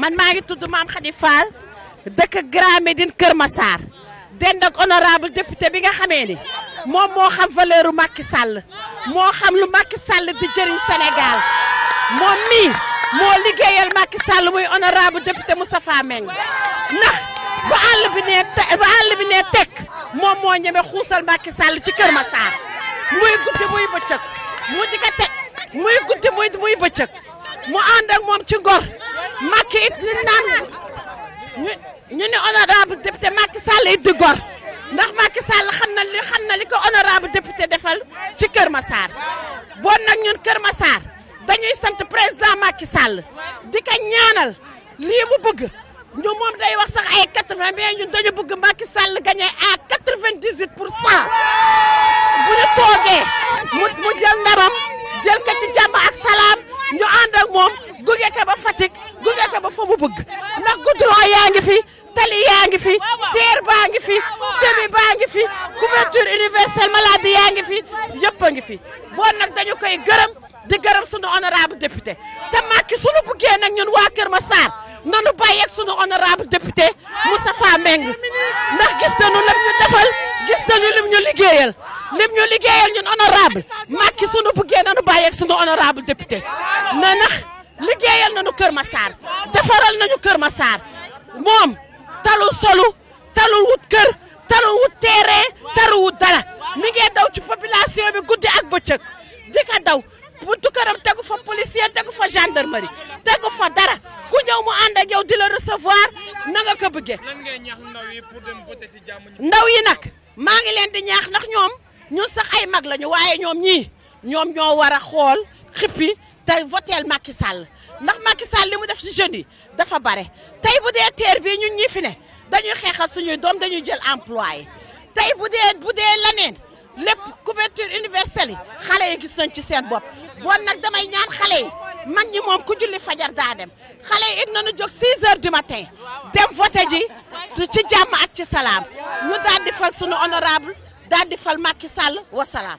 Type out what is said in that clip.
man maa ngi tudd maam Khady Fall dëkk Grand Médine Kër Massar dend ak honorable député bi nga xamee ni moom moo xam valeur u Macky moo xam lu Macky Sall di jëriñ Sénégal moom mii moo liggéeyal Macky Sall muy honorable député Moustapha Meng ndax bu àll bi nee bu moom moo ñeme xuusal Macky Sall ci Kër Massar muy guddi muy bëccëg mu di ko muy guddi muy muy bëccëg mu ànd moom ci ngor Macky it ñu naan ñu ñu ne honorable député Macky Sall it di gor ndax Macky Sall xam na li xam na li ko honorable député defal ci Kër Massar bon nag ñun Kër Massar dañuy sant président Macky Sall di ko ñaanal lii mu bëgg ñu moom day wax sax ay quatre vingt mais ñun dañu bëgg Macky Sall gagné à quatre vingt dix huit pour cent bu ñu toogee mu jël ndamam jël ko ci jàmm ak salaam. baa ngi fi tali yaa ngi fi teer baa ngi fi semi baa ngi fi a ngi fi bon nag honorable député sunu buggee nag ñun sunu honorable député Moustapha Meng ndax gis nañu lim ñu defal gis nañu lim ñu liggéeyal lim ñu liggéeyal ñun honorable Macky sunu buggee nanu bàyyeeg sunu honorable député na ndax liggéeyal nañu Kër Massar defaral nañu Kër Massar moom talul solu talul wut kër talul wut terrain talul wut dara mi ngi daw ci population bi guddi ak bëccëg di daw buntu këram tegu fa policier tegu fa gendarmerie tegu fa dara ku ñëw mu ànd ak yow di la recevoir na nga ge bëggee. lan ngay ñaax ndaw yi pour dem yi nag maa ngi leen di ñaax ndax ñoom ñun sax ay mag lañu waaye ñoom ñii ñoom ñoo war a xool xippi te voteel Macky Sall. ndax Macky Sall li mu def ci jeunes yi dafa bare tey bu dee teer bii ñu ñi fi ne dañuy xeexal suñuy doom dañuy jël employé tey bu dee bu dee leneen lépp couverture universelle yi xale yi gis nañ ci seen bopp bon nag damay ñaan xale yi mag ñi moom ku julli fajar daa dem xale yi it nañu jóg 6 heures du matin dem voté ji ci jàmm ak ci salaam ñu daal di suñu honorable daal di fal Macky Sall wa salaam